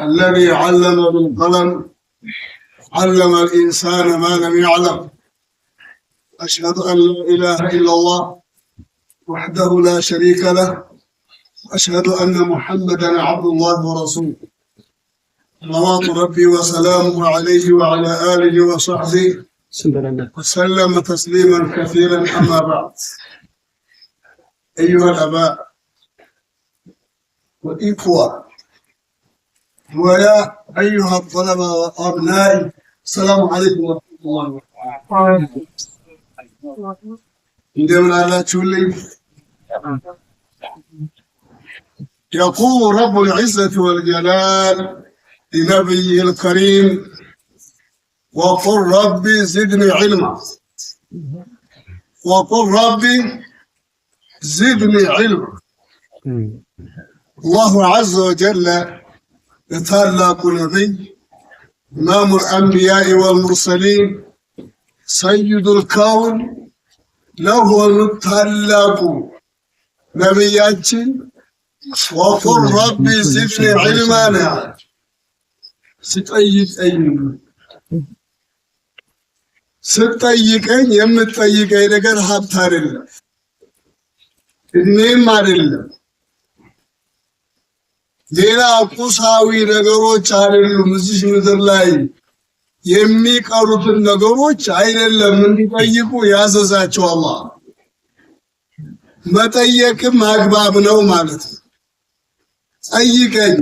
الذي علم بالقلم علم الإنسان ما لم يعلم أشهد أن لا إله إلا الله وحده لا شريك له أشهد أن محمدا عبد الله ورسوله صلوات ربي وسلامه عليه وعلى آله وصحبه وسلم تسليما كثيرا أما بعد أيها الأباء والإخوة ويا أيها الطلبة وأبنائي السلام عليكم ورحمة الله وبركاته እንደምን تولي يقول رب العزة والجلال لنبيه الكريم وقل رب زدني علما وقل رب زدني علما الله عز وجل يتعلق نبي إمام الأنبياء والمرسلين سيد الكون له نتعلق نبياتي وقل ربي زدني علما ስትጠይቀኝ ስትጠይቀኝ የምትጠይቀኝ ነገር ሀብት አይደለም እድሜም አይደለም ሌላ ቁሳዊ ነገሮች አይደሉም። እዚህ ምድር ላይ የሚቀሩትን ነገሮች አይደለም እንዲጠይቁ ያዘዛቸው አላህ። መጠየቅም አግባብ ነው ማለት ነው። ጠይቀኝ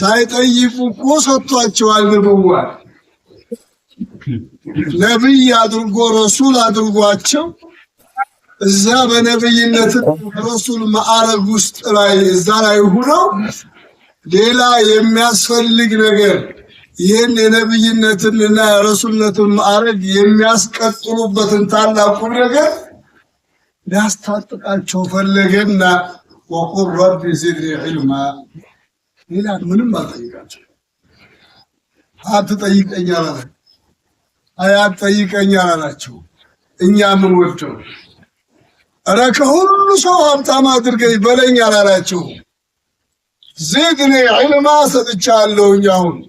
ሳይጠይቁ እኮ ሰጥቷቸዋል። ንብዋል ነቢይ አድርጎ ረሱል አድርጓቸው እዛ በነቢይነት ረሱል ማዕረግ ውስጥ ላይ እዛ ላይ ሁነው ሌላ የሚያስፈልግ ነገር ይህን እና የረሱልነትን ማዕረግ የሚያስቀጥሉበትን ታላቁ ነገር ሊያስታጥቃቸው ፈለገና ወቁል ረቢ ዚድኒ ዒልማ ሌላ ምንም አልጠይቃቸው። አትጠይቀኝ አላለ አያት ጠይቀኝ አላላቸው። እኛ ምን ወደው ረከ ከሁሉ ሰው ሀብታም አድርገኝ በለኝ አላላቸው። ዝግ ነኝ። ዕልማ ሰጥቻለሁኝ። አሁን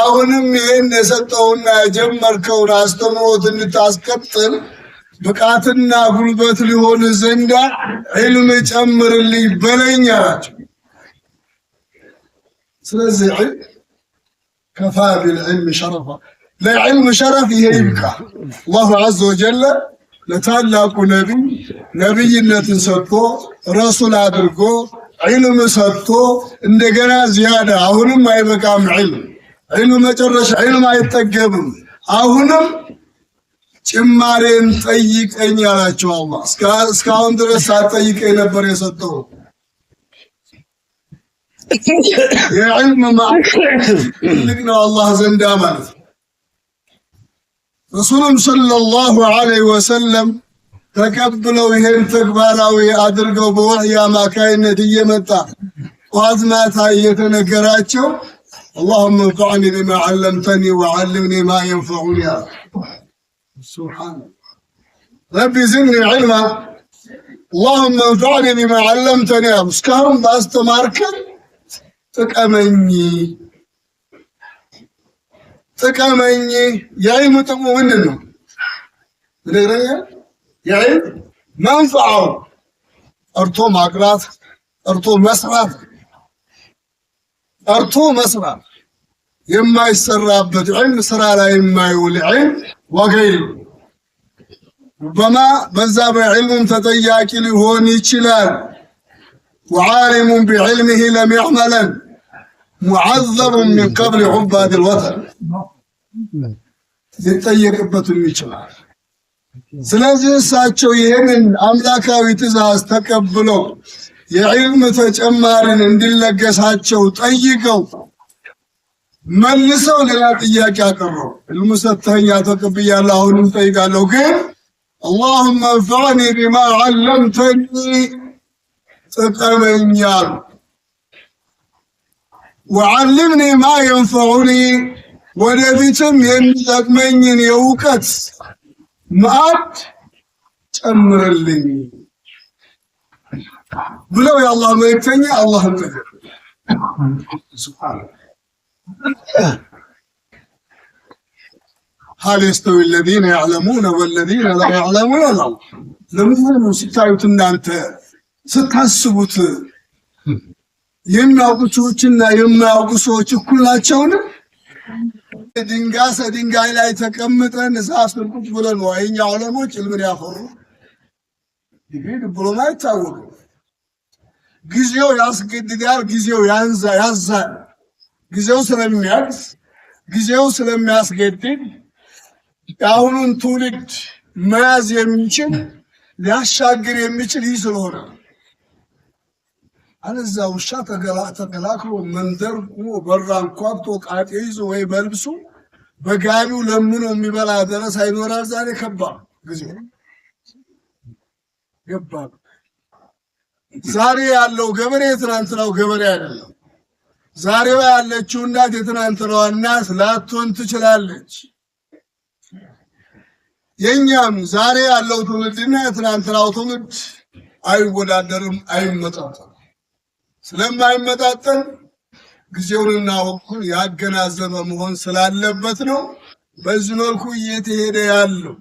አሁንም ይህን የሰጠውና የጀመርከውን አስተምሮት እንድታስቀጥል ብቃትና ጉልበት ሊሆን ዘንዳ ዕልም ጨምርልኝ በለኛ። ስለዚህ ከፋ ቢልዕልም ሸረፋ፣ ለዕልም ሸረፍ ይሄ ይብቃ። አላሁ ዐዘ ወጀለ ለታላቁ ነቢይ ነቢይነትን ሰጥቶ ረሱል አድርጎ ዒልም ሰጥቶ እንደገና ዚያዳ አሁንም አይበቃም። ዒልም ዒልም መጨረሻ ዒልም አይጠገብም። አሁንም ጭማሬን ጠይቀኝ አላቸው። አላ እስካሁን ድረስ ሳትጠይቀኝ ነበር የሰጠው የዕልም ትልቅ ነው አላህ ዘንዳ ማለት ነው። ረሱሉም ሰለላሁ ዐለይሂ ወሰለም تقبلوا هين تكبروا يادرقوا بوحيا ما كاين نتيجة متى وازمة تايتنا قراتشو اللهم انفعني بما علمتني وعلمني ما ينفعني سبحان الله ربي زني علما اللهم انفعني بما علمتني امسكهم باست ماركت تكامني تكامني يا متقو مننا من غير يعني منفعه ارتو مقرات ارتو مسرات ارتو مسرات يما يسرى بدعين سرى لا يما يولي عين وغير ربما بزاب علم تضياكي لهوني تشلال وعالم بعلمه لم يعملا معذب من قبل عباد الوطن. لتيك نعم. بطل ميتشلال. ስለዚህ እሳቸው ይህንን አምላካዊ ትእዛዝ ተቀብለው የዕልም ተጨማሪን እንዲለገሳቸው ጠይቀው መልሰው ሌላ ጥያቄ አቀረ። ዕልሙ ሰተኛ ተቀብያለሁ፣ አሁንም ጠይቃለሁ ግን አላሁመ አንፈዕኒ ቢማ ዓለምተኒ ጥቀመኛሉ፣ ወዓልምኒ ማ የንፈዑኒ ወደፊትም የሚጠቅመኝን የእውቀት መዓት ጨምርልኝ ብለው የአላህ መልእክተኛ አላህን ጠየቁ። ሀል የስተዊ ለዚነ ያዕለሙነ ወለዚነ ላ ያዕለሙን አላ ለምንድነው ስታዩት እናንተ ስታስቡት የሚያውቁ ሰዎችና የማያውቁ ሰዎች እኩል ናቸውን? ድንጋይ ድንጋይ ላይ ተቀምጠን እሳት ቁጭ ብለን ነው። የእኛ ዑለሞች ዕልምን ያፈሩ ዲግሪ ዲፕሎማ አይታወቅም። ጊዜው ያስገድዳል። ጊዜው ያዛል። ጊዜው ስለሚያዝ ጊዜው ስለሚያስገድድ የአሁኑን ትውልድ መያዝ የሚችል ሊያሻግር የሚችል ይህ ስለሆነ አለዛ ውሻ ተከላክሎ መንደር ቁሞ በራ አንኳብቶ ቃጤ ይዞ ወይ በልብሱ በጋቢው ለምኖ የሚበላ ደረስ አይኖራል። ዛሬ ከባድ ጊዜ ገባል። ዛሬ ያለው ገበሬ የትናንትናው ገበሬ አይደለም። ዛሬዋ ያለችው እናት የትናንትናዋ እናት ላትሆን ትችላለች። የእኛም ዛሬ ያለው ትውልድና የትናንትናው ትውልድ አይወዳደርም፣ አይመጣጠም። ስለማይመጣጠን ጊዜውንና ወቅቱን ያገናዘበ መሆን ስላለበት ነው። በዚህ መልኩ እየተሄደ ያለው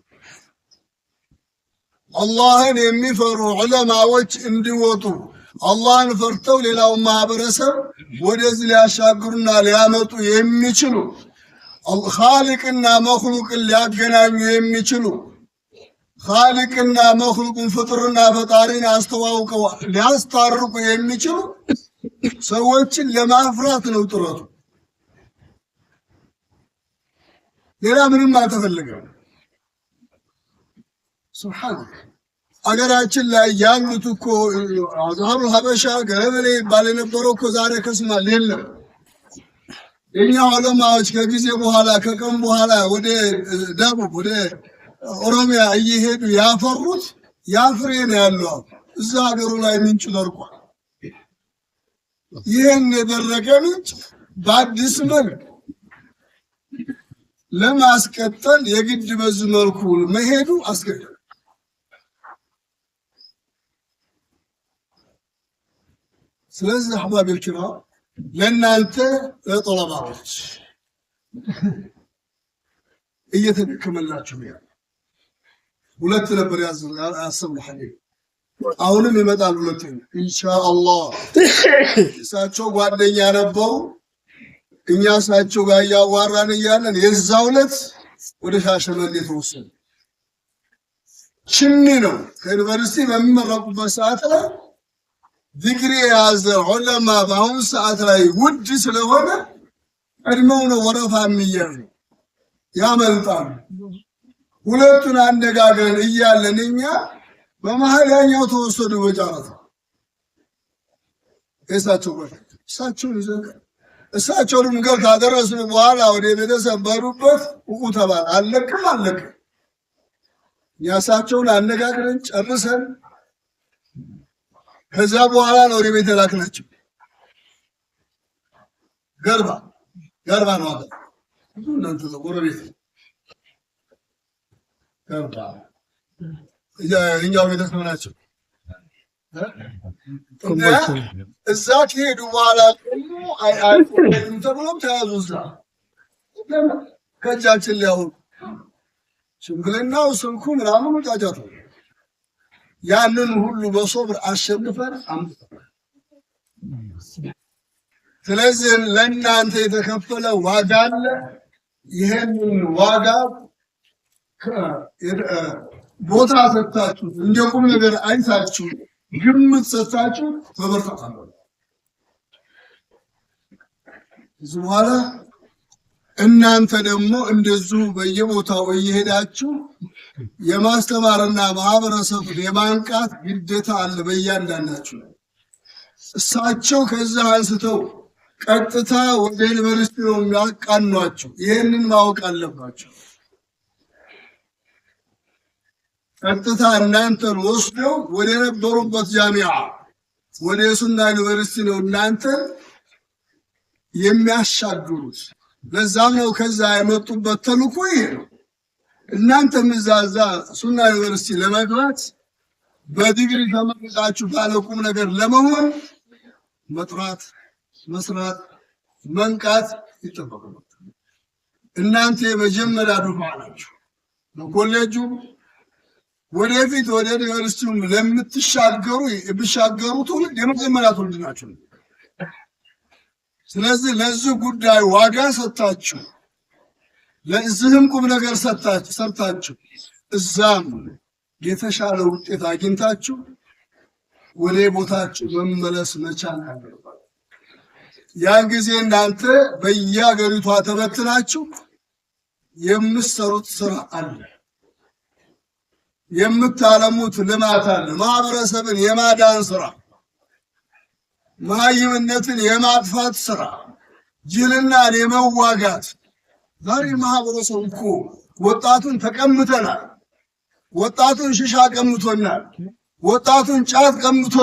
አላህን የሚፈሩ ዑለማዎች እንዲወጡ አላህን ፈርተው ሌላውን ማህበረሰብ ወደዚህ ሊያሻግሩና ሊያመጡ የሚችሉ ኻሊቅና መክሉቅን ሊያገናኙ የሚችሉ ኻሊቅና መክሉቁን ፍጡርና ፈጣሪን አስተዋውቀው ሊያስታርቁ የሚችሉ ሰዎችን ለማፍራት ነው ጥረቱ። ሌላ ምንም አልተፈለገም። ሱብሓነላህ። አገራችን ላይ ያሉት እኮ አዝሃሩ ሀበሻ ገለበሌ ይባል የነበረው እኮ ዛሬ ከስማል የለም። የኛ ዑለማዎች ከጊዜ በኋላ ከቀን በኋላ ወደ ደቡብ ወደ ኦሮሚያ እየሄዱ ያፈሩት ያ ነው ያለው። እዛ ሀገሩ ላይ ምንጭ ደርቋል። ይህን የደረቀ ምንጭ በአዲስ መልክ ለማስቀጠል የግድ በዚህ መልኩ መሄዱ አስገድ ስለዚህ አሕባብ ልኪራ ለእናንተ ለጦለባዎች እየተደከመላችሁ ያለ ሁለት ነበር ያሰብነው አሁንም ይመጣል ሁለት ኢንሻአላህ። እሳቸው ጓደኛ ነበሩ። እኛ እሳቸው ጋር እያዋራን እያለን የዛው ዕለት ወደ ሻሸመኔ ተወሰነ። ችኒ ነው ከዩኒቨርሲቲ በሚመረቁበት ሰዓት ላይ ዲግሪ የያዘ ዑለማ በአሁኑ ሰዓት ላይ ውድ ስለሆነ እድሜው ነው ወረፋ የሚያዝ ያመልጣሉ። ሁለቱን አነጋግረን እያለን እኛ በመሀል ያኛው ተወሰዱ በጫረት እሳቸው እሳቸውን ይዘን እሳቸውንም ገብ ካደረስን በኋላ ወደ ቤተሰብ በሩበት ውቁ ተባል አለቅም አለቅ እኛ እሳቸውን አነጋግረን ጨርሰን ከዛ በኋላ ነው ወደ ቤት ላክናቸው። ገርባ ገርባ ነው አለ እናንተ ጎረቤት ነው እኛው ቤተሰብ ናቸው። እዛ ከሄዱ በኋላ ተብሎም ተያዙ። እዛ ከእጃችን ሊያወጡ ሽምግልናው ስልኩ ምናምኑ ጫጫታ ያንን ሁሉ በሶብር አሸንፈን ስለዚህ ለእናንተ የተከፈለ ዋጋ አለ። ይህንን ዋጋ ቦታ ሰጥታችሁ እንደ ቁም ነገር አይታችሁ ግምት ሰጥታችሁ መበርታት አለ። እዚህ በኋላ እናንተ ደግሞ እንደዚሁ በየቦታው እየሄዳችሁ የማስተማርና ማህበረሰቡን የማንቃት ግዴታ አለ በእያንዳንዳችሁ። እሳቸው ከዛ አንስተው ቀጥታ ወደ ዩኒቨርሲቲ ነው የሚያቃኗቸው። ይህንን ማወቅ አለባቸው። ቀጥታ እናንተን ወስደው ወደ ነበሩበት ጃሚያ ወደ ሱና ዩኒቨርሲቲ ነው እናንተ የሚያሻግሩት። ለዛም ነው ከዛ የመጡበት ተልኮ ይሄ ነው። እናንተ ምዛዛ ሱና ዩኒቨርሲቲ ለመግባት በዲግሪ ተመርቃችሁ ባለቁም ነገር ለመሆን መጥራት፣ መስራት፣ መንቃት ይጠበቅበት። እናንተ የመጀመሪያ ዱፋ ናችሁ በኮሌጁ ወደፊት ወደ ዩኒቨርሲቲውም ለምትሻገሩ የሚሻገሩ ትውልድ የመጀመሪያ ትውልድ ናቸው። ስለዚህ ለዚህ ጉዳይ ዋጋ ሰጥታችሁ ለዚህም ቁም ነገር ሰርታችሁ እዛም የተሻለ ውጤት አግኝታችሁ ወደ ቦታችሁ መመለስ መቻል አለባችሁ። ያን ጊዜ እናንተ በየሀገሪቷ ተበትናችሁ የምትሰሩት ስራ አለ። የምታለሙት ልማት አለ። ማህበረሰብን የማዳን ስራ፣ መሃይምነትን የማጥፋት ስራ፣ ጅልናን የመዋጋት ዛሬ ማህበረሰብ እኮ ወጣቱን ተቀምተናል። ወጣቱን ሽሻ ቀምቶናል። ወጣቱን ጫት ቀምቶ